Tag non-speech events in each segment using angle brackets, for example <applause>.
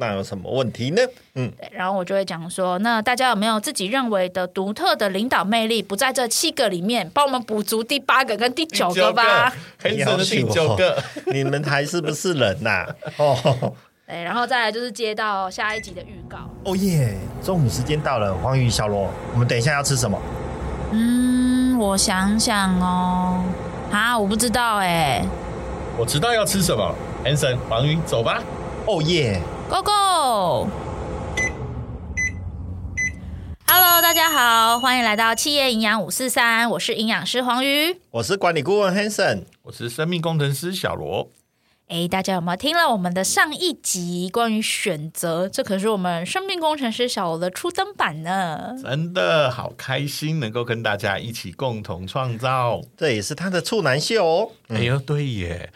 那有什麼問題呢？嗯，然後我就會講說，那大家有沒有自己認為的獨特的領導魅力不在這七個裡面？幫我們補足第八個跟第九個吧。Hanson 第九個，你們還是不是人吶、啊？哦，哎，然後再來就是接到下一集的預告。哦耶，中午時間到了，黃雲、小羅，我們等一下要吃什麼？嗯，我想想哦，啊，我不知道哎，我知道要吃什麼。Hanson，黃雲，走吧。哦耶。Go Go！Hello，大家好，歡迎來到《企業營養五四三》，我是營養師黃瑜，我是管理顧問 Hanson，我是生命工程師小羅。哎，大家有沒有聽了我們的上一集？關於選擇，這可是我們生命工程師小羅的初登版呢。真的好開心，能夠跟大家一起共同創造，這也是他的處男秀哦。嗯、哎呦，對耶。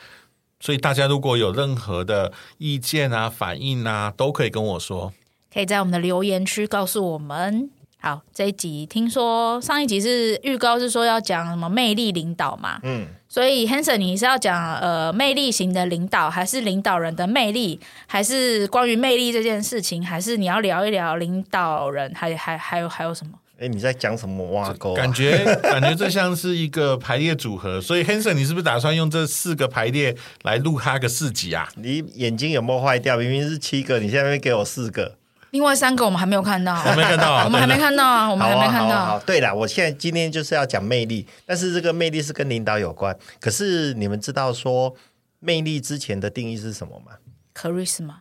所以大家如果有任何的意見啊、反應啊，都可以跟我說，可以在我們的留言區告訴我們。好，這一集聽說上一集是預告，是說要講什麼魅力領導嘛？嗯，所以 Hanson 你是要講呃魅力型的領導，還是領導人的魅力，還是關於魅力這件事情，還是你要聊一聊領導人，還還還有還有什麼？哎，你在講什麼哇、啊，感覺感覺這像是一個排列組合， <laughs> 所以 Hanson，你是不是打算用這四個排列來錄他個四集啊？你眼睛有沒有壞掉？明明是七個，你現在給我四個，另外三個我們還沒有看到， <laughs> 還沒看到、啊， <laughs> 吧我們還沒看到啊，我們還沒看到、啊啊啊啊。對啦，我現在今天就是要講魅力，但是這個魅力是跟領導有關。可是你們知道說魅力之前的定義是什麼嗎？Charis 嗎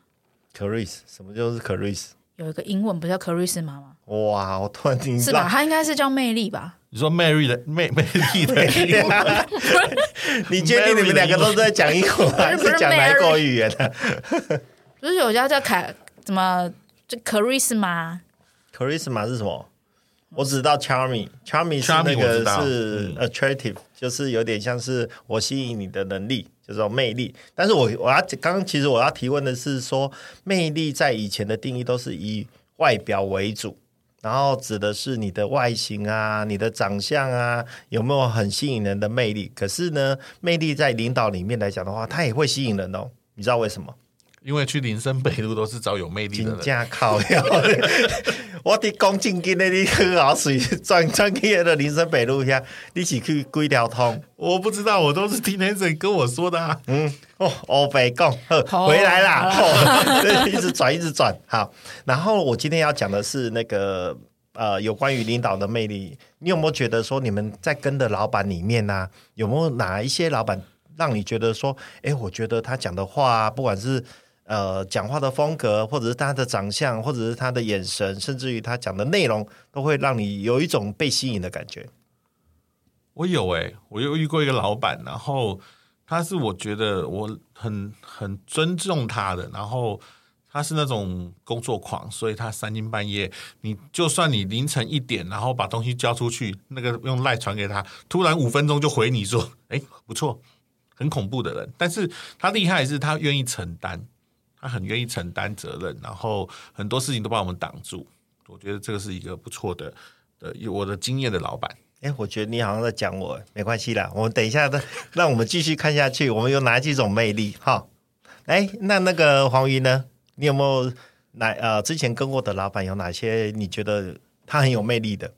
？Charis，什麼就是 Charis？有一個英文不叫 charisma 嗎？哇，我突然聽到是吧？他應該是叫魅力吧？你說魅力的魅魅力的？Ma, 的你確定你們兩個都在講英文嗎，還 <laughs> 是，是 <laughs> 講外國語言的？不 <laughs> 是，有家叫凱，什麼叫 charisma？charisma 是什麼？我只知道 charmy charmy Char my 是那個是 attractive，、嗯、就是有點像是我吸引你的能力。就是魅力，但是我我要剛剛其實我要提問的是說，魅力在以前的定義都是以外表為主，然後指的是你的外形啊、你的長相啊，有沒有很吸引人的魅力？可是呢，魅力在領導裡面來講的話，它也會吸引人哦，你知道為什麼？因為去林森北路都是找有魅力的人。請假考的，好我的恭進跟那裡喝好水轉轉去的林森北路下，一起去幾條通？我不知道，我都是聽先生跟我說的、啊。嗯，哦，黑白講，回來啦，一直轉，一直轉。好，然後我今天要講的是那個呃，有關於領導的魅力。你有沒有覺得說，你們在跟的老闆裡面呢、啊，有沒有哪一些老闆讓你覺得說，哎、欸，我覺得他講的話、啊，不管是呃，講話的風格，或者是他的長相，或者是他的眼神，甚至於他講的內容，都會讓你有一種被吸引的感覺。我有誒、欸，我又遇過一個老闆，然後他是我覺得我很很尊重他的，然後他是那種工作狂，所以他三更半夜，你就算你凌晨一點，然後把東西交出去，那個用賴傳給他，突然五分鐘就回你說，哎，不錯，很恐怖的人，但是他厲害是，他願意承擔。他很願意承擔責任，然後很多事情都幫我們擋住。我覺得這個是一個不錯的，呃，有我的經驗的老板。誒、欸，我覺得你好像在講我，沒關係啦。我們等一下再。那我們繼續看下去。 <laughs> 我們有哪幾種魅力？哈，哎、欸，那那個黃瑜呢？你有沒有來？呃之前跟過的老板有哪些？你覺得他很有魅力的？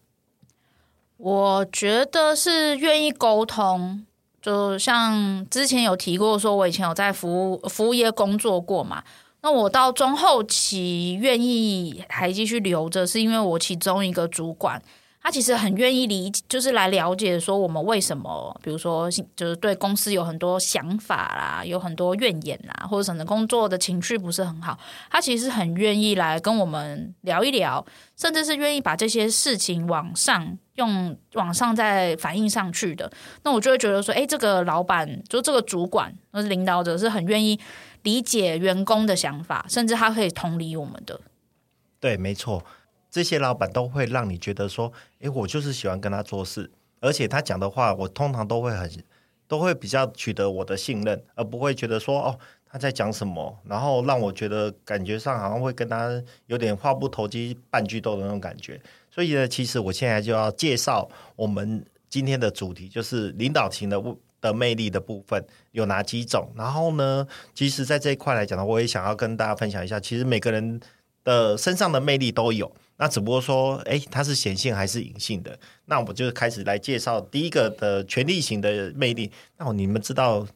我覺得是願意溝通。就像之前有提過，說我以前有在服務服務業工作過嘛，那我到中後期願意還繼續留着，是因為我其中一個主管。他其實很願意理解，就是來了解說我們為什麼，比如說就是對公司有很多想法啦，有很多怨言啦，或者什麼工作的情緒不是很好。他其實很願意來跟我們聊一聊，甚至是願意把這些事情往上用往上再反映上去的。那我就會覺得說，誒，這個老板就這個主管或、就是領導者是很願意理解員工的想法，甚至他可以同理我們的。對，沒錯。這些老闆都會讓你覺得說，誒，我就是喜歡跟他做事，而且他講的話，我通常都會很，都會比較取得我的信任，而不會覺得說，哦，他在講什麼？然後讓我覺得感覺上好像會跟他有點話不投機半句多的那種感覺。所以呢，其實我現在就要介紹我們今天的主題，就是領導型的的魅力的部分有哪幾種。然後呢，其實，在這一塊來講呢，我也想要跟大家分享一下，其實每個人的身上的魅力都有。那只不過說，誒，他是顯性還是隱性的？那我們就開始來介紹第一個的權力型的魅力。那你們知道，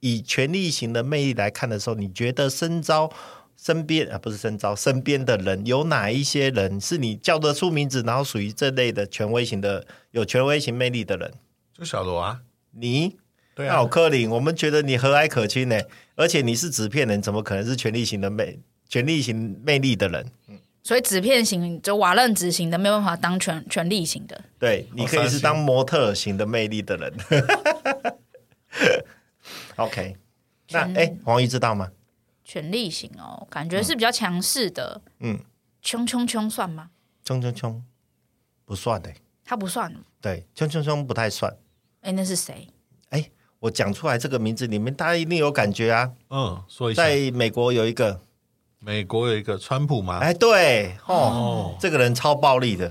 以權力型的魅力來看的時候，你覺得身招身邊啊，不是身招身邊的人有哪一些人是你叫得出名字，然後屬於這類的權威型的有權威型魅力的人？就小羅啊，你對啊，那好，克林，我們覺得你和藹可親呢，而且你是紙片人，怎麼可能是權力型的魅權力型魅力的人？嗯。所以紙片型就瓦楞紙型的，沒有辦法當權權力型的。對，你可以是當模特型的魅力的人。 <laughs> OK，權那哎，黃、欸、玉知道嗎？權力型哦，感覺是比較強勢的。嗯，衝衝衝算嗎？衝衝衝不算的、欸。他不算。對，衝衝衝不太算。哎、欸，那是誰？哎、欸，我講出來這個名字，裡面大家一定有感覺啊。嗯，說一下，在美國有一個。美國有一個川普嘛？哎、欸，對，哦，哦，這個人超暴力的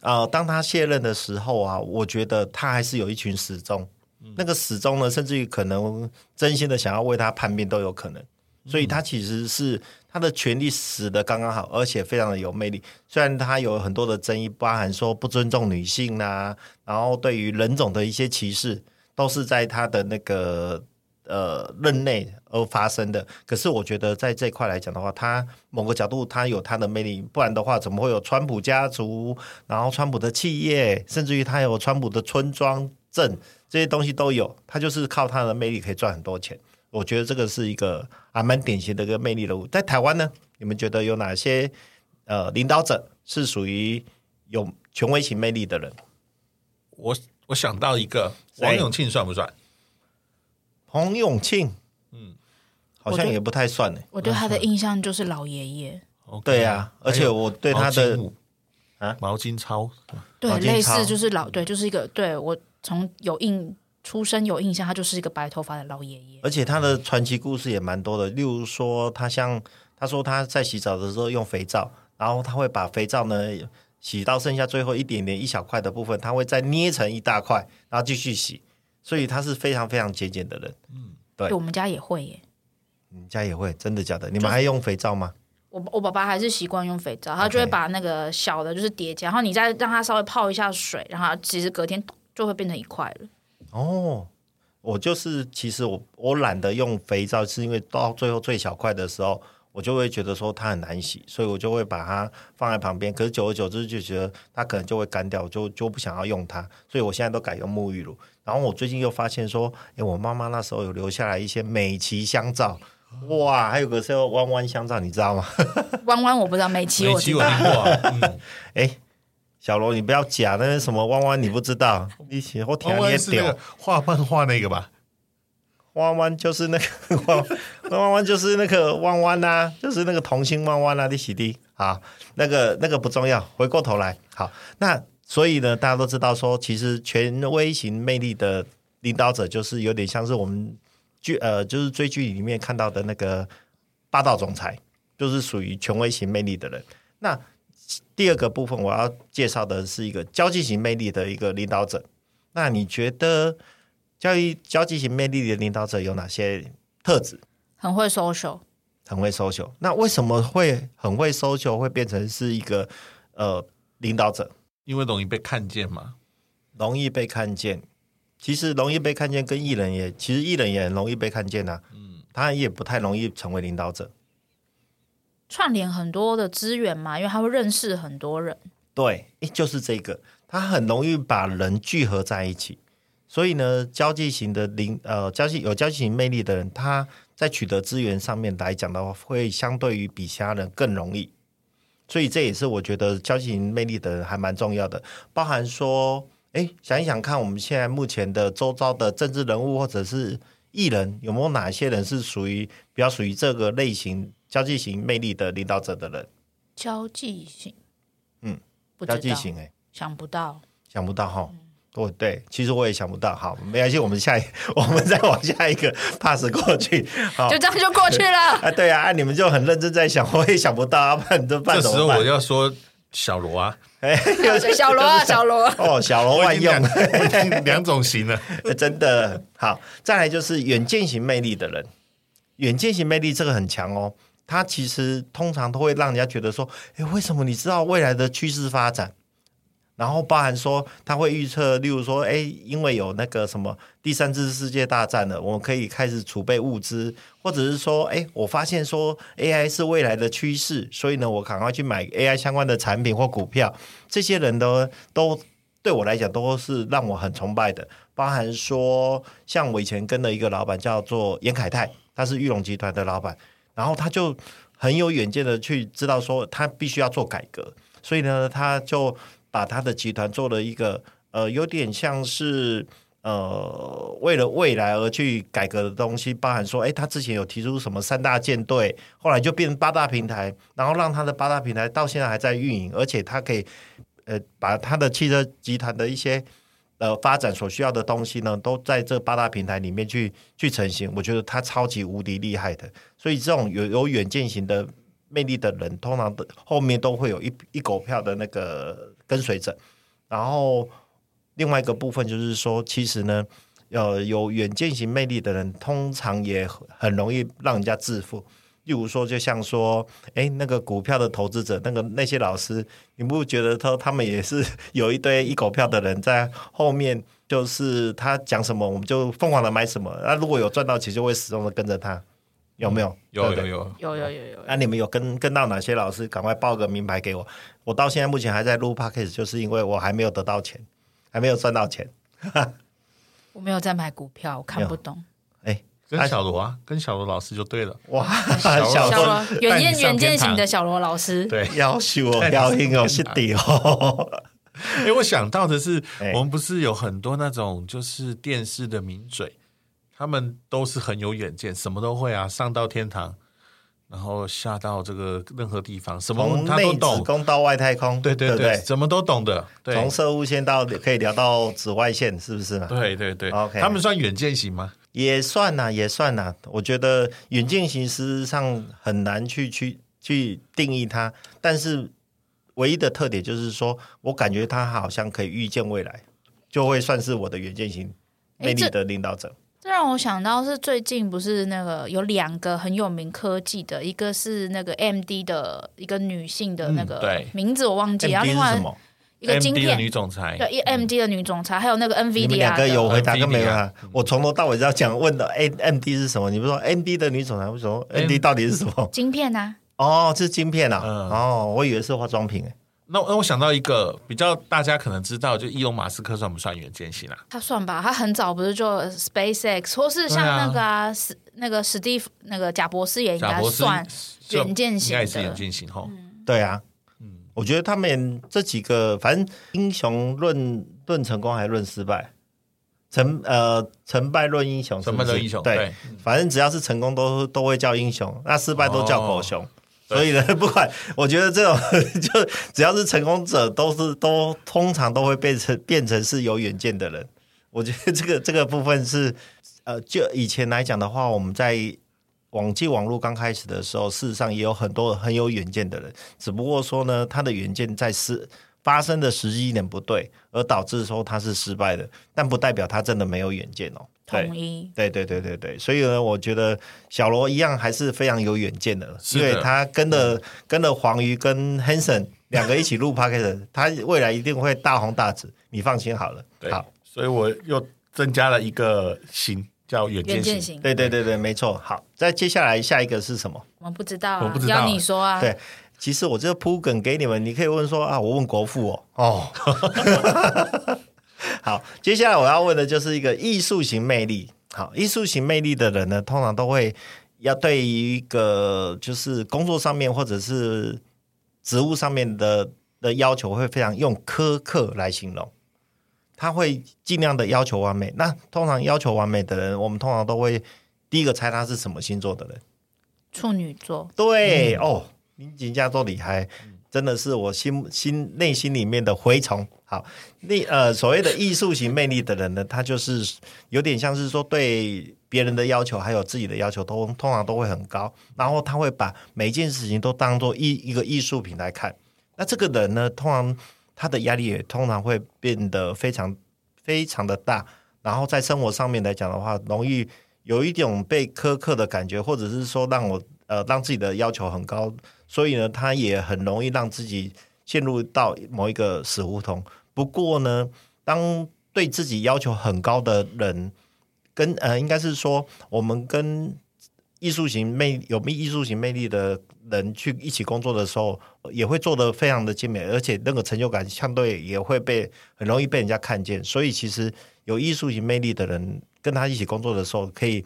啊、呃！當他卸任的時候啊，我覺得他還是有一群死忠，嗯、那個死忠呢，甚至於可能真心的想要為他叛變都有可能。所以他其實是、嗯、他的權力死的剛剛好，而且非常的有魅力。雖然他有很多的爭議，包含說不尊重女性啊，然後對於人種的一些歧視，都是在他的那個。呃，任內而發生的。可是我覺得在這一塊來講的話，他某個角度，他有他的魅力，不然的話怎麼會有川普家族，然後川普的企業，甚至於他有川普的村莊鎮這些東西都有，他就是靠他的魅力可以賺很多錢。我覺得這個是一個還蠻典型的一個魅力人物。在台灣呢，你們覺得有哪些呃領導者是屬於有權威型魅力的人？我我想到一個，王永慶算不算？洪永慶，嗯，好像也不太算呢。我對他的印象就是老爺爺。Okay. 對啊，而且我對他的，哎、毛巾操，對，類似就是老，對，就是一個，對，我從有印，出生有印象，他就是一個白頭髮的老爺爺。而且他的傳奇故事也蠻多的，例如說他像，他說他在洗澡的時候用肥皂，然後他會把肥皂呢洗到剩下最後一點點一小塊的部分，他會再捏成一大塊，然後繼續洗。所以他是非常非常節儉的人，嗯，對，我們家也會耶，我家也會，真的假的？你們還就用肥皂嗎？我我爸爸還是習慣用肥皂，他就會把那個小的，就是疊加，Okay 然後你再讓它稍微泡一下水，然後其實隔天就會變成一塊了。哦，我就是其實我我懶得用肥皂，是因為到最後最小塊的時候。我就會覺得說它很難洗，所以我就會把它放在旁邊。可是久而久之就覺得它可能就會乾掉，我就就不想要用它。所以我現在都改用沐浴露。然後我最近又發現說誒，我媽媽那時候有留下來一些美琪香皂，哇，還有個叫彎彎香皂，你知道嗎？彎彎我不知道，美琪我聽過。小羅你不要假，那個什麼彎彎你不知道，一起或甜也屌，畫漫畫那個吧。彎彎，那個、彎，彎，彎彎就是那個彎彎彎就是那個彎彎吶，就是那個童心彎彎啊，滴洗滴啊，好，那個那個不重要，回過頭來，好，那所以呢，大家都知道說，其實權威型魅力的領導者就是有點像是我們劇呃，就是追劇裡面看到的那個霸道總裁，就是屬於權威型魅力的人。那第二個部分我要介紹的是一個交際型魅力的一個領導者，那你覺得？教育交際型魅力的領導者有哪些特質？很會 social，很會 social。那為什麼會很會 social，會變成是一個呃領導者？因為容易被看見嘛，容易被看見。其實容易被看見跟藝人也，其實藝人也很容易被看見吶、啊。嗯，他也不太容易成為領導者。串聯很多的資源嘛，因為他會認識很多人。對，就是這個，他很容易把人聚合在一起。所以呢，交際型的領呃，交際有交際型魅力的人，他在取得資源上面來講的話，會相對於比其他人更容易。所以這也是我覺得交際型魅力的人還蠻重要的。包含說，哎、欸，想一想看，我們現在目前的周遭的政治人物或者是藝人，有沒有哪一些人是屬於比較屬於這個類型交際型魅力的領導者的人？交際型，嗯，交際型、欸，哎，想不到，想不到哈、哦。嗯哦，oh, 對，其實我也想不到，好，沒關係，我們下一，我們再往下一個 <laughs> pass 過去，好，就這樣就過去了啊，對啊，啊，你們就很認真在想，我也想不到啊，不你這辦都辦，這時候我要說小羅啊，哎 <laughs> 想小羅啊，小羅哦，oh, 小羅萬用，兩,兩種型了， <laughs> <laughs> 真的好，再來就是遠見型魅力的人，遠見型魅力這個很強哦，他其實通常都會讓人家覺得說，哎，為什麼你知道未來的趨勢發展？然後包含說他會預測，例如說，誒,因為有那個什麼第三次世界大戰了,我可以開始儲備物資,或者是說，誒,我發現說 AI 是未來的趨勢,所以呢,我趕快去買 AI 相關的產品或股票。這些人都都對我來講都是讓我很崇拜的。包含說像我以前跟的一個老闆叫做嚴凱泰,他是裕隆集團的老闆，然後他就很有遠見的去知道說他必須要做改革,所以呢,他就。把他的集團做了一個呃，有點像是呃，為了未來而去改革的東西，包含說，哎、欸，他之前有提出什麼三大艦隊，後來就變成八大平台，然後讓他的八大平台到現在還在運營，而且他可以呃，把他的汽車集團的一些呃發展所需要的東西呢，都在這八大平台裡面去去成型。我覺得他超級無敵厲害的，所以這種有有遠見型的魅力的人，通常的後面都會有一一狗票的那個。跟隨着，然後另外一個部分就是說，其實呢，呃，有遠見型魅力的人，通常也很容易讓人家致富。例如說，就像說，哎，那個股票的投資者，那個那些老師，你不覺得他他們也是有一堆一狗票的人在後面，就是他講什麼，我們就瘋狂的買什麼。那，啊，如果有賺到錢，就會始終的跟着他。有沒有？有有有有有有有。那你們有跟跟到哪些老師？趕快報個名牌給我。我到現在目前還在錄 podcast，就是因為我還沒有得到錢，還沒有賺到錢。哈哈，我沒有在買股票，我看不懂。哎，跟小羅啊，跟小羅老師就對了。哇，小羅，軟件軟件型的小羅老師。對，要哦，修，要硬，要死掉。哎，我想到的是，我們不是有很多那種就是電視的名嘴。他們都是很有遠見，什麼都會啊，上到天堂，然後下到這個任何地方，什麼他都懂。從內子宮到外太空，對對對，對對怎麼都懂的。對從射物線到可以聊到紫外線，是不是嘛？對對對，OK。他們算遠見型嗎？也算吶、啊，也算吶、啊。我覺得遠見型事實上很難去去去定義它，但是唯一的特點就是說，我感覺他好像可以預見未來，就會算是我的遠見型魅力的領導者。欸讓我想到是最近不是那個有兩個很有名科技的，一個是那個 M D 的一個女性的那個名字我忘記了，然後、嗯啊、是什麼一個晶片女總裁對、嗯、一 M D 的女總裁，還有那個 N V D 兩個有回答跟沒回答，我從頭到尾就要講問的，A、欸、M D 是什麼？你不說 M D 的女總裁，我不說 M D 到底是什麼？M 晶片啊？哦，是晶片啊！嗯、哦，我以為是化妝品那那我想到一個比較大家可能知道，就伊隆馬斯克算不算遠見型啊？他算吧，他很早不是就 SpaceX，或是像那個史、啊啊、那個史蒂夫那個賈伯斯也應該算遠見型應該也是遠見型哈。嗯、對啊，我覺得他們這幾個，反正英雄論論成功還是論失敗，成呃成敗論英，英雄，成功的英雄對，對嗯、反正只要是成功都都會叫英雄，那失敗都叫狗熊。哦所以呢，不管，我覺得這種 <laughs> 就只要是成功者，都是都通常都會變成變成是有遠見的人。我覺得這個這個部分是，呃，就以前來講的話，我們在網際網絡剛開始的時候，事實上也有很多很有遠見的人，只不過說呢，他的遠見在是發生的時機點不對，而導致說他是失敗的，但不代表他真的沒有遠見哦。同意對，對對對對對，所以呢，我覺得小羅一樣還是非常有遠見的，所以的他跟了對跟了黃瑜跟 Hanson 兩個一起錄 Podcast, <laughs> 他未來一定會大紅大紫，你放心好了。對好，所以我又增加了一個型叫遠見型，遠見型對對對對，沒錯。好，再接下來下一個是什麼？我不知道，要你說啊。對，其實我這個鋪梗給你們，你可以問說啊，我問國父哦。哦 <laughs> 好，接下來我要問的就是一個藝術型魅力。好，藝術型魅力的人呢，通常都會要對於一個就是工作上面或者是職務上面的的要求會非常用苛刻來形容。他會盡量的要求完美。那通常要求完美的人，我們通常都會第一個猜他是什麼星座的人？處女座。對、嗯、哦，林俊杰都厲害。真的是我心心內心裡面的蛔蟲。好，那呃，所謂的藝術型魅力的人呢，他就是有點像是說對別人的要求還有自己的要求，通通常都會很高。然後他會把每件事情都當做一一個藝術品來看。那這個人呢，通常他的壓力也通常會變得非常非常的大。然後在生活上面來講的話，容易有一種被苛刻的感覺，或者是說讓我呃讓自己的要求很高。所以呢，他也很容易讓自己陷入到某一個死胡同。不過呢，當對自己要求很高的人跟呃，應該是說我們跟藝術型魅有沒藝術型魅力的人去一起工作的時候，也會做得非常的精美，而且那個成就感相對也會被很容易被人家看見。所以，其實有藝術型魅力的人跟他一起工作的時候，可以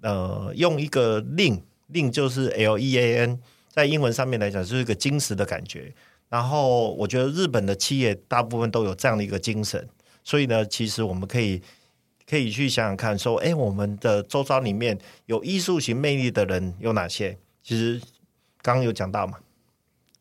呃，用一個 LEAN，LEAN 就是 L E A N。在英文上面來講，就是一個金石的感覺。然後我覺得日本的企業大部分都有這樣的一個精神，所以呢，其實我們可以可以去想想看，說，哎、欸，我們的周遭裡面有藝術型魅力的人有哪些？其實剛剛有講到嘛，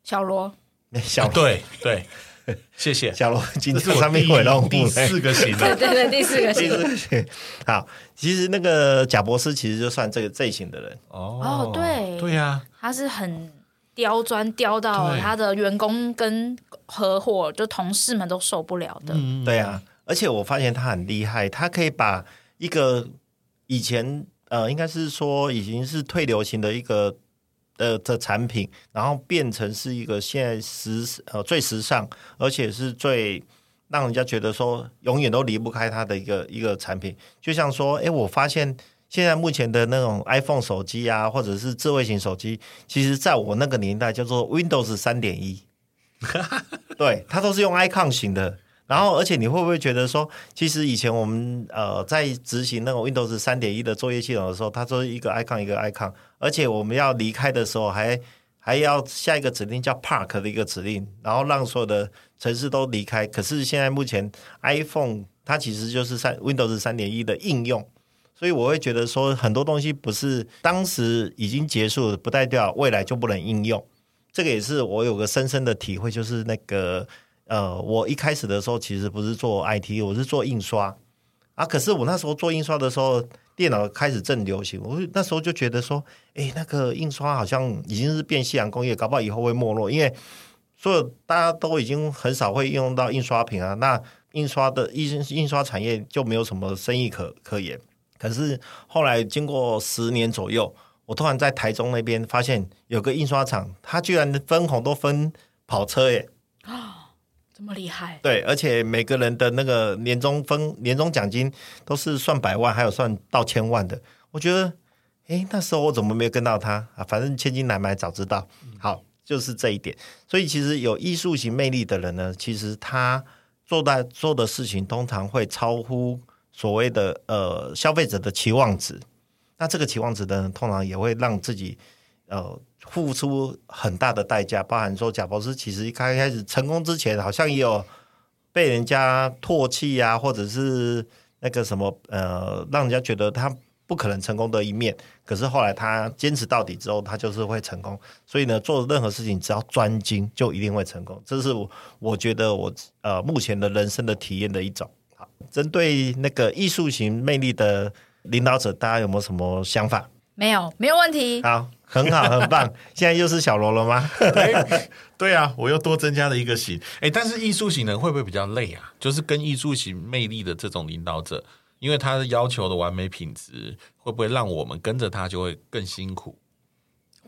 小羅，小羅、啊、對。對 <laughs> 謝謝，小龍，今天上面又讓第、第四個型的對，對對對，第四個型、的第型。好，其實那個賈伯斯其實就算這個類型的人哦，對，對呀、啊，他是很刁鑽，刁到他的員工跟合夥對就同事們都受不了的。對啊，而且我發現他很厲害，他可以把一個以前呃，應該是說已經是退流行的一個。的的產品，然後變成是一個現在時，呃，最時尚，而且是最讓人家覺得說永遠都離不開它的一個一個產品。就像說，誒，我發現現在目前的那種 iPhone 手機啊，或者是智慧型手機，其實在我那個年代叫做 Windows 三點一， <laughs> 對，它都是用 Icon 型的。然後，而且你會不會覺得說，其實以前我們呃在執行那個 Windows 三點一的作業系統的時候，它都是一個 icon 一個 icon，而且我們要離開的時候還還要下一個指令叫 park 的一個指令，然後讓所有的城市都離開。可是現在目前 iPhone 它其實就是三 Windows 三點一的應用，所以我會覺得說很多東西不是當時已經結束，不代表未來就不能應用。這個也是我有個深深的體會，就是那個。呃，我一開始的時候其實不是做 IT，我是做印刷啊。可是我那時候做印刷的時候，電腦開始正流行，我那時候就覺得說，誒、欸，那個印刷好像已經是變夕陽工業，搞不好以後會沒落，因為所有大家都已經很少會用到印刷品啊。那印刷的印印刷產業就沒有什麼生意可可言。可是後來經過十年左右，我突然在台中那邊發現有個印刷廠，它居然分紅都分跑車耶、欸！那麼厲害，對，而且每個人的那個年終分、年終獎金都是算百萬，還有算到千萬的。我覺得，誒，那時候我怎麼沒有跟到他啊？反正千金難買早知道。好，就是這一點。所以，其實有藝術型魅力的人呢，其實他做的做的事情，通常會超乎所謂的呃消費者的期望值。那這個期望值呢，通常也會讓自己呃。付出很大的代價，包含說賈博士其實一開開始成功之前，好像也有被人家唾棄啊，或者是那個什麼呃，讓人家覺得他不可能成功的一面。可是後來他堅持到底之後，他就是會成功。所以呢，做任何事情只要專精，就一定會成功。這是我我覺得我呃目前的人生的體驗的一種。好，針對那個藝術型魅力的領導者，大家有沒有什麼想法？沒有，沒有問題。好。 <laughs> 很好，很棒！現在又是小羅了嗎？ <laughs> 對，對啊，我又多增加了一個型。哎，但是藝術型人會不會比較累啊？就是跟藝術型魅力的這種領導者，因為他的要求的完美品質，會不會讓我們跟着他就會更辛苦？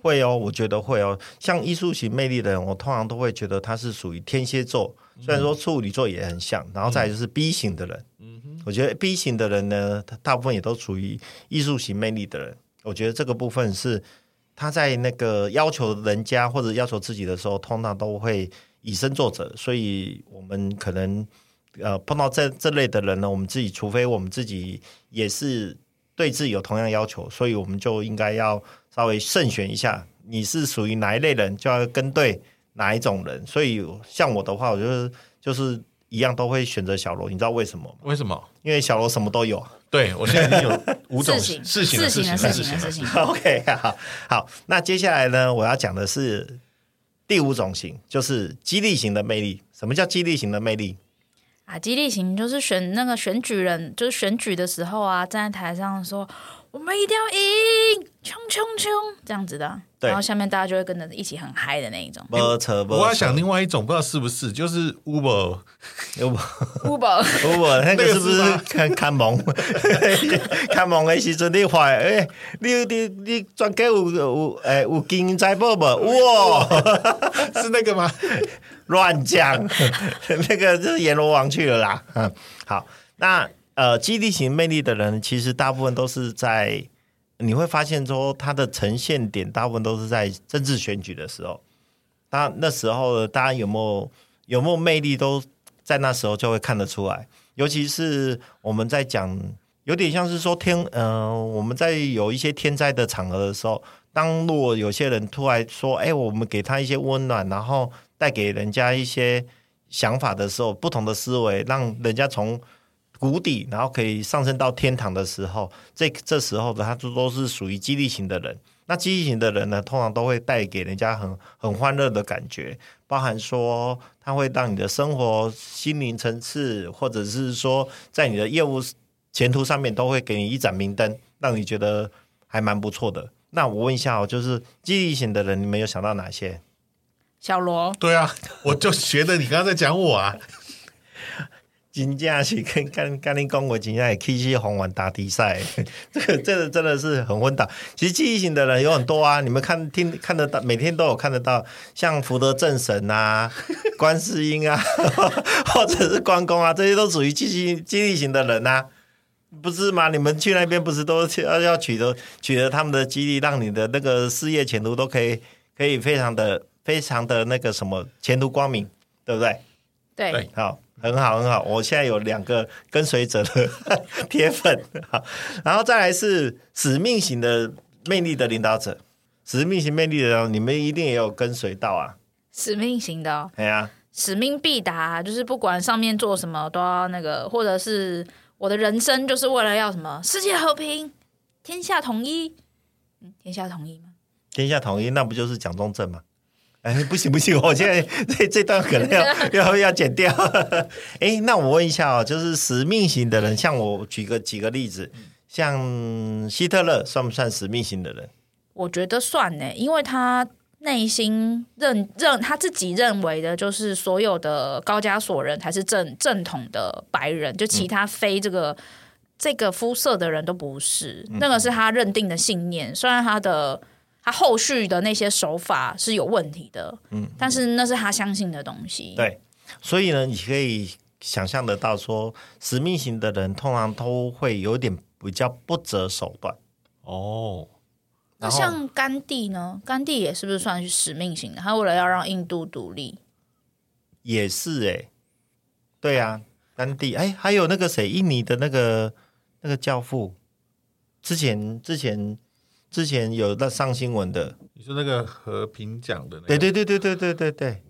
會哦，我覺得會哦。像藝術型魅力的人，我通常都會覺得他是屬於天蠍座，雖然說處女座也很像，然後再就是 B 型的人。嗯，嗯哼，我覺得 B 型的人呢，他大部分也都屬於藝術型魅力的人。我覺得這個部分是。他在那個要求人家或者要求自己的時候，通常都會以身作則。所以，我們可能呃碰到這這類的人呢，我們自己除非我們自己也是對自己有同樣要求，所以我們就應該要稍微慎選一下，你是屬於哪一類人，就要跟對哪一種人。所以，像我的話，我就是就是。一樣都會選擇小羅，你知道為什麼嗎？為什麼？因為小羅什麼都有。對，我現在有五種事情。事情，事情的事情的事情 OK 啊，好，那接下來呢，我要講的是第五種型，就是激勵型的魅力。什麼叫激勵型的魅力？啊，激勵型就是選那個選舉人，就是選舉的時候啊，站在台上說。我們一定要贏，衝冲冲，這樣子的啊。對然後下面大家就會跟着一起很嗨的那一種。我要想另外一種，不知道是不是，就是 Uber，Uber，Uber，Uber，那個是不是，看是看？看蒙， <laughs> <laughs> 看蒙，哎，是真的壞，哎，你你你，專家有有，哎、欸，有金銀財寶不？哇， <laughs> 是那個嗎？亂講， <laughs> 那個就是閻羅王去了啦。嗯，好，那。呃，激勵型魅力的人，其實大部分都是在你會發現，說他的呈現點大部分都是在政治選舉的時候。那那時候，大家有沒有有沒有魅力，都在那時候就會看得出來。尤其是我們在講，有點像是說天，嗯、呃，我們在有一些天災的場合的時候，當如果有些人突然說，哎，我們給他一些溫暖，然後帶給人家一些想法的時候，不同的思維，讓人家從。谷底，然後可以上升到天堂的時候，這這時候的他都都是屬於激勵型的人。那激勵型的人呢，通常都會帶給人家很很歡樂的感覺，包含說他會讓你的生活、心靈層次，或者是說在你的業務前途上面，都會給你一盞明燈，讓你覺得還蠻不錯的。那我問一下哦，就是激勵型的人，你們有想到哪些？小羅？對啊，我就覺得你剛剛在講我啊。 <laughs> 金價是跟干干練功，金價也可以紅丸打底賽。 <laughs> 這個這個真的是很混搭。其實激勵型的人有很多啊，你們看聽看得到，每天都有看得到，像福德正神啊、觀世音啊，或者是關公啊，這些都屬於激勵激勵型的人吶、啊，不是嗎？你們去那邊不是都要要取得取得他們的激勵，讓你的那個事業前途都可以可以非常的非常的那個什麼前途光明，對不對？對，好。很好，很好，我現在有兩個跟隨者的鐵 <laughs> 粉。好，然後再來是使命型的魅力的領導者，使命型魅力的人，你們一定也有跟隨到啊。使命型的、哦，哎呀，使命必達，就是不管上面做什麼，都要那個，或者是我的人生就是為了要什麼世界和平，天下統一，嗯，天下統一嗎？天下統一，那不就是蔣中正嗎？哎，不行不行，我現在這這段可能要的、啊、要要剪掉。哎、 <laughs> 欸，那我問一下啊、哦，就是使命型的人，像我舉個幾個例子，像希特勒算不算使命型的人？我覺得算呢，因為他內心認認他自己認為的，就是所有的高加索人才是正正統的白人，就其他非這個、嗯、這個膚色的人都不是，嗯、那個是他認定的信念。雖然他的。他後續的那些手法是有問題的，嗯，但是那是他相信的東西，對，所以呢，你可以想象得到說，說使命型的人通常都會有點比較不擇手段哦。那後像甘地呢？甘地也是不是算是使命型的？他為了要讓印度獨立，也是哎、欸，對呀、啊，甘地，哎，還有那個誰，印尼的那個那個教父，之前之前。之前有那上新聞的，你說那個和平獎的，對對對對對對對對，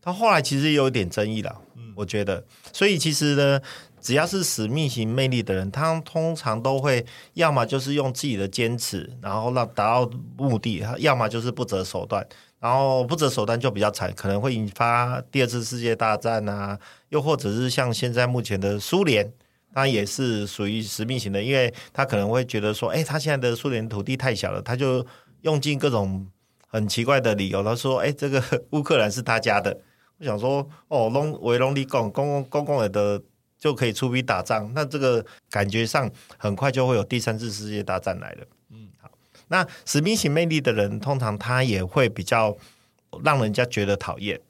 他後來其實也有一點爭議了，嗯，我覺得，所以其實呢，只要是使命型魅力的人，他通常都會要麼就是用自己的堅持，然後讓達到目的，要麼就是不擇手段，然後不擇手段就比較慘，可能會引發第二次世界大戰啊，又或者是像現在目前的蘇聯。他也是屬於使命型的，因為他可能會覺得說，哎、欸，他現在的蘇聯土地太小了，他就用盡各種很奇怪的理由，他說，哎、欸，這個烏克蘭是他家的。我想說，哦，龍維隆裡公公公公有的就可以出兵打仗，那這個感覺上很快就會有第三次世界大戰來了。嗯，好，那使命型魅力的人，通常他也會比較讓人家覺得討厭。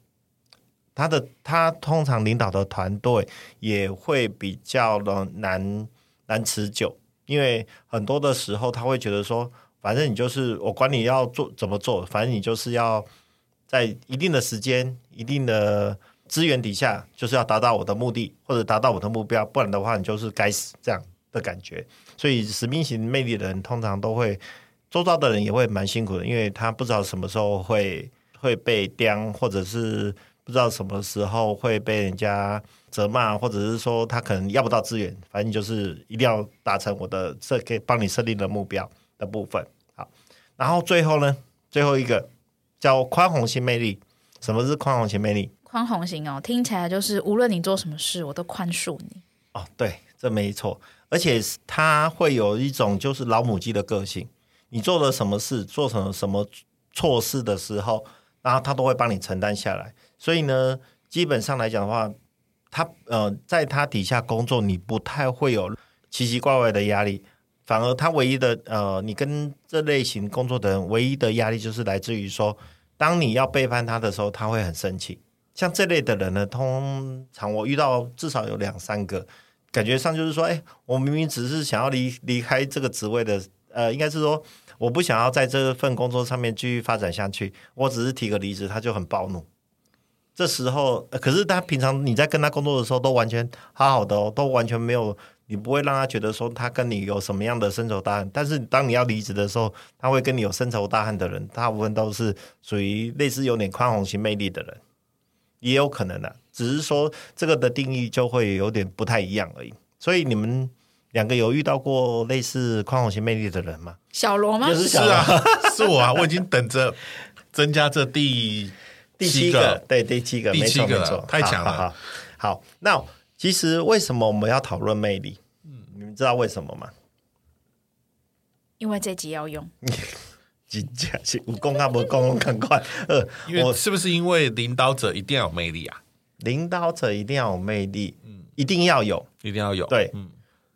他的，他通常領導的團隊也會比較的難難持久，因為很多的時候他會覺得說，反正你就是我管你要做怎麼做，反正你就是要在一定的時間、一定的資源底下，就是要達到我的目的或者達到我的目標，不然的話你就是該死這樣的感覺。所以使命型魅力的人通常都會周遭的人也會蠻辛苦的，因為他不知道什麼時候會會被刁，或者是不知道什麼時候會被人家責罵，或者是說他可能要不到資源，反正你就是一定要達成我的設，可以幫你設定的目標的部分。好，然後最後呢，最後一個叫寬宏心魅力。什麼是寬宏心魅力？寬宏心哦，聽起來就是無論你做什麼事，我都寬恕你。哦，對，這沒錯，而且他會有一種就是老母雞的個性。你做了什麼事，做成了什麼錯事的時候，然後他都會幫你承擔下來。所以呢，基本上來講的話，他呃，在他底下工作，你不太會有奇奇怪怪的壓力。反而他唯一的呃，你跟這類型工作的人唯一的壓力，就是來自於說，當你要背叛他的時候，他會很生氣。像這類的人呢，通常我遇到至少有兩三個，感覺上就是說，哎，我明明只是想要離離開這個職位的，呃，應該是說，我不想要在這份工作上面繼續發展下去，我只是提個離職，他就很暴怒。這時候，可是他平常你在跟他工作的時候都完全好好的哦，都完全沒有，你不會讓他覺得說他跟你有什麼樣的深仇大恨。但是當你要離職的時候，他會跟你有深仇大恨的人，大部分都是屬於類似有點寬宏型魅力的人，也有可能的、啊，只是說這個的定義就會有點不太一樣而已。所以你們兩個有遇到過類似寬宏型魅力的人嗎？小羅嗎？就是小羅，是啊，是我啊，我已經等着增加這第。第七個，對第七個，沒錯沒錯，太強了。哈，好，那其實為什麼我們要討論魅力？嗯，你們知道為什麼嗎？因為這集要用。金甲是武功啊，武功快。呃，我是不是因為領導者一定要有魅力啊？領導者一定要有魅力，嗯，一定要有，一定要有。對，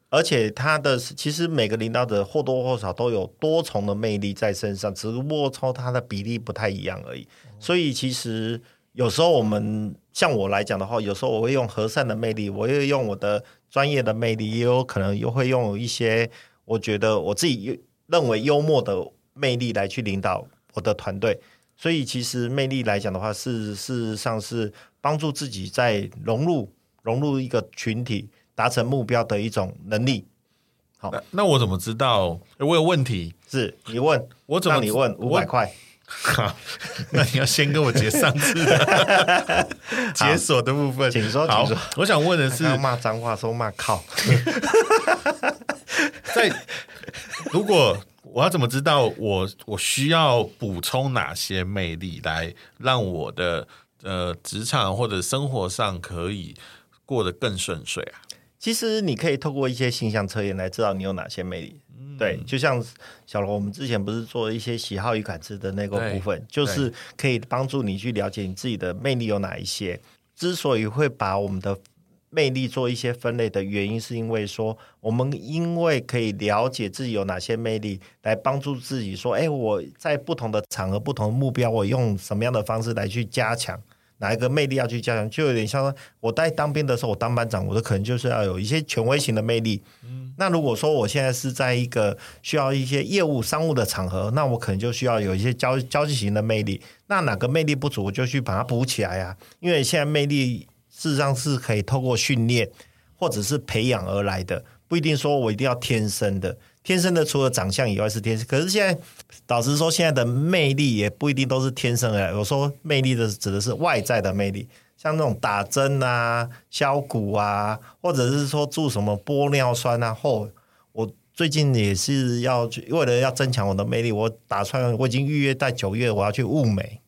而且他的其實每個領導者或多或少都有多重的魅力在身上，只不過他的比例不太一樣而已。所以其實有時候我們像我來講的話，有時候我會用和善的魅力，我會用我的專業的魅力，也有可能又會用有一些我覺得我自己認為幽默的魅力來去領導我的團隊。所以其實魅力來講的話是，是事實上是幫助自己在融入融入一個群體、達成目標的一種能力。好，那，那我怎麼知道？呃，我有問題，是你問我怎麼？你問五百塊。好，那你要先跟我結上次 <laughs> 好好解鎖的部分。請說鎖，好，我想問的是，剛剛罵髒話，說罵靠。 <laughs> <laughs> 在如果我要怎麼知道我我需要補充哪些魅力來讓我的呃職場或者生活上可以過得更順遂啊？其實你可以透過一些形象測驗來知道你有哪些魅力。對，就像小龍，我們之前不是做一些喜好與感知的那個部分，對就是可以幫助你去了解你自己的魅力有哪一些。對之所以會把我們的魅力做一些分類的原因，是因為說，我們因為可以了解自己有哪些魅力，來幫助自己說，哎，我在不同的場合、不同的目標，我用什麼樣的方式來去加強。哪一個魅力要去加強，就有點像我在當兵的時候，我當班長，我的可能就是要有一些權威型的魅力。嗯，那如果說我現在是在一個需要一些業務商務的場合，那我可能就需要有一些交交際型的魅力。那哪個魅力不足，我就去把它補起來呀、啊。因為現在魅力事實上是可以透過訓練。或者是培養而來的，不一定說我一定要天生的。天生的除了長相以外是天生，可是現在，老實說，現在的魅力也不一定都是天生而來。我說魅力的指的是外在的魅力，像那種打針啊、削骨啊，或者是說做什麼玻尿酸啊。後我最近也是要去，為了要增強我的魅力，我打算我已經預約在九月，我要去物美。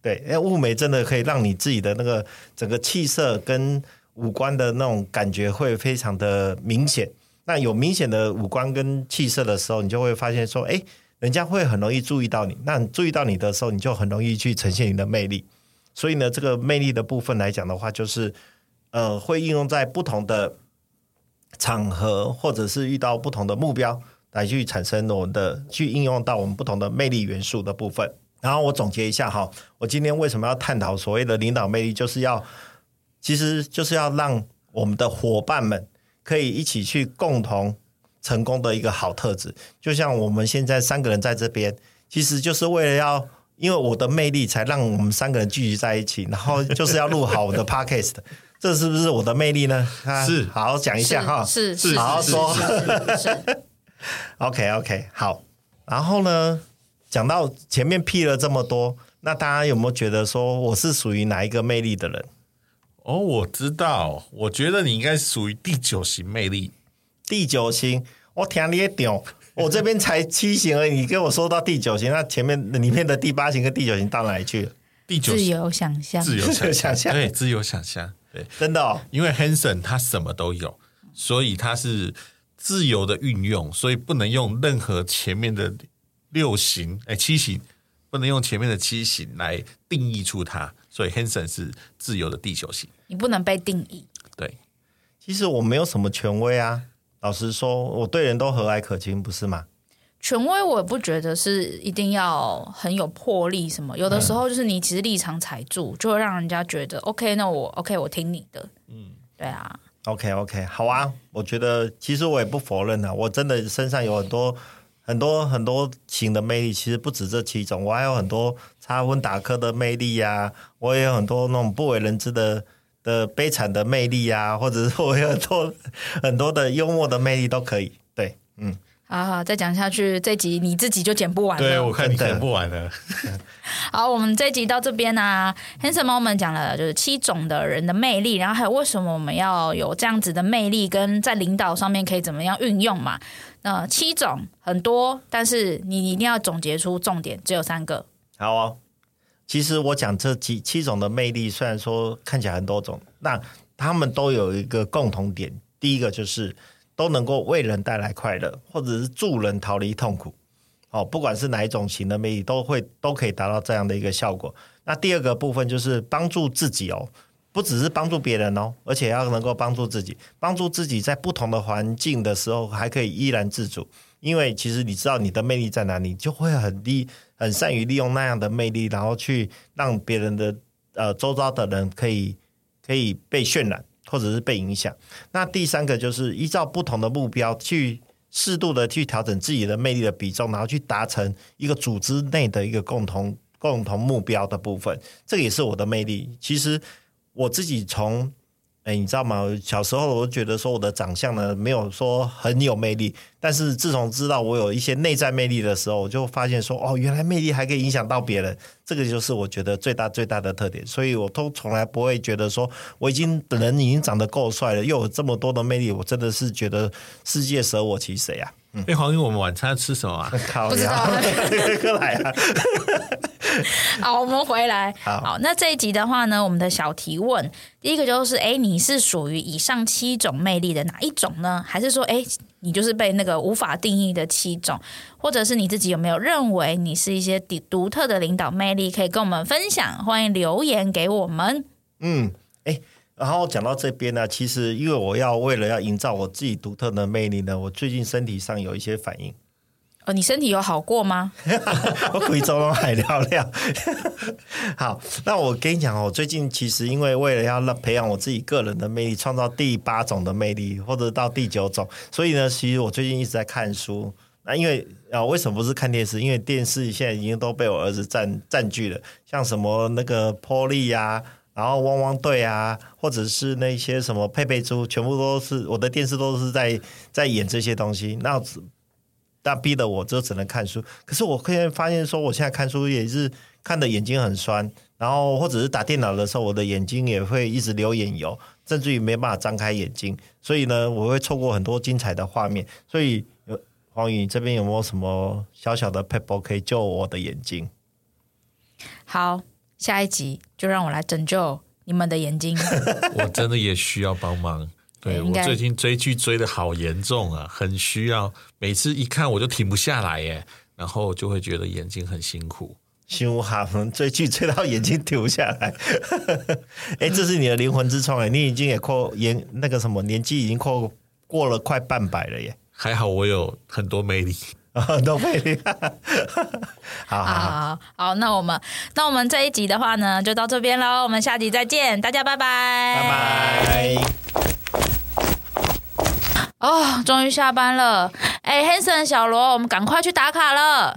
對，因為物美真的可以讓你自己的那個整個氣色跟。五官的那種感覺會非常的明顯，那有明顯的五官跟氣色的時候，你就會發現說，哎，人家會很容易注意到你。那你注意到你的時候，你就很容易去呈現你的魅力。所以呢，這個魅力的部分來講的話，就是呃，會應用在不同的場合，或者是遇到不同的目標，來去產生我們的去應用到我們不同的魅力元素的部分。然後我總結一下哈，我今天為什麼要探討所謂的領導魅力，就是要。其實就是要讓我們的伙伴們可以一起去共同成功的一個好特質。就像我們現在三個人在這邊，其實就是為了要因為我的魅力才讓我們三個人聚集在一起，然後就是要錄好我的 podcast， <laughs> 這是不是我的魅力呢？啊、是，好好講一下哈，是，是，好好說。 <laughs> OK，OK，okay, okay, 好。然後呢，講到前面 p 了這麼多，那大家有沒有覺得說我是屬於哪一個魅力的人？哦，我知道，我覺得你應該屬於第九型魅力。第九型，我聽你你屌！我、哦、這邊才七型而已。你跟我說到第九型，那前面裡面的第八型跟第九型到哪裡去了？第九自由想象，自由想象， <laughs> 想象，對，自由想象，對，真的哦。因為 Hanson 他什麼都有，所以他是自由的運用，所以不能用任何前面的六型、哎七型，不能用前面的七型來定義出它。所以 Hanson 是自由的地球性。你不能被定義。對，其實我沒有什麼權威啊，老實說，我對人都和藹可親，不是嗎？權威我也不覺得是一定要很有魄力什麼，有的時候就是你其實立場踩住，嗯、就會讓人家覺得 OK，那我 OK，我聽你的。嗯，對啊，OK OK，好啊，我覺得其實我也不否認啊，我真的身上有很多、嗯。很多很多型的魅力其實不止這七種，我還有很多插科打諢的魅力呀、啊，我也有很多那種不為人知的的悲慘的魅力呀、啊，或者是我有很多很多的幽默的魅力都可以。對，嗯，好好再講下去，這集你自己就剪不完了。對，我看你剪不完了的 <laughs> 好，我們這集到這邊呢，Handsome Moment 講了就是七種的人的魅力，然後還有為什麼我們要有這樣子的魅力，跟在領導上面可以怎麼樣運用嘛？呃，那七種很多，但是你一定要總結出重點，只有三個。好哦、啊，其實我講這七七種的魅力，雖然說看起來很多種，那他們都有一個共同點，第一個就是都能夠為人帶來快樂，或者是助人逃離痛苦。哦，不管是哪一種型的魅力，都會都可以達到這樣的一個效果。那第二個部分就是幫助自己哦。不只是幫助別人哦，而且要能夠幫助自己，幫助自己在不同的環境的時候還可以依然自主。因為其實你知道你的魅力在哪裡，就會很利很善於利用那樣的魅力，然後去讓別人的呃周遭的人可以可以被渲染或者是被影響。那第三個就是依照不同的目標去適度的去調整自己的魅力的比重，然後去達成一個組織內的一個共同共同目標的部分。這也是我的魅力，其實。我自己從，哎，你知道嗎？小時候我覺得說我的長相呢，沒有說很有魅力。但是自從知道我有一些內在魅力的時候，我就發現說，哦，原來魅力還可以影響到別人。這個就是我覺得最大最大的特點。所以我都從來不會覺得說，我已經人已經長得夠帥了，又有這麼多的魅力，我真的是覺得世界舍我其誰啊！哎，黃英，我們晚餐要吃什麼啊？不知道，哥來了。好，我們回來。好，好，那這一集的話呢，我們的小提問，第一個就是，哎、欸，你是屬於以上七種魅力的哪一種呢？還是說，哎、欸，你就是被那個無法定義的七種？或者是你自己有沒有認為你是一些獨特的領導魅力？可以跟我們分享，歡迎留言給我們。嗯，哎、欸。然後講到這邊呢、啊，其實因為我要為了要營造我自己獨特的魅力呢，我最近身體上有一些反應。呃、哦，你身體有好過嗎？ <laughs> 我比周龍海聊聊。好，那我跟你講哦，最近其實因為為了要讓培養我自己個人的魅力，創造第八種的魅力，或者到第九種，所以呢，其實我最近一直在看書。那、啊、因為啊，為什麼不是看電視？因為電視現在已經都被我兒子占占據了，像什麼那個波力呀，然後汪汪隊啊，或者是那些什麼佩佩豬，全部都是我的電視都是在在演這些東西。那大逼得我，就只能看書。可是我現在發現說我現在看書也是看得眼睛很酸，然後或者是打電腦的時候，我的眼睛也會一直流眼油，甚至於沒辦法張開眼睛。所以呢，我會錯過很多精彩的畫面。所以，黃宇這邊有沒有什麼小小的撇步可以救我的眼睛？好。下一集就讓我來拯救你們的眼睛。 <laughs> 我真的也需要幫忙，對該我最近追劇追得好嚴重啊，很需要。每次一看我就停不下來耶，然後就會覺得眼睛很辛苦。辛苦啊，追劇追到眼睛停不下來。哎、 <laughs> 欸，這是你的靈魂之窗哎，你已經也跨年那個什麼年紀已經跨過了快半百了耶。還好我有很多魅力。 <laughs> 都可以，好好好，好，好，好，好，好，那我們那我們這一集的話呢，就到這邊嘍，我們下集再見，大家拜拜，拜拜 bye。哦，終於下班了，哎，Hanson、Hanson，小羅，我們趕快去打卡了。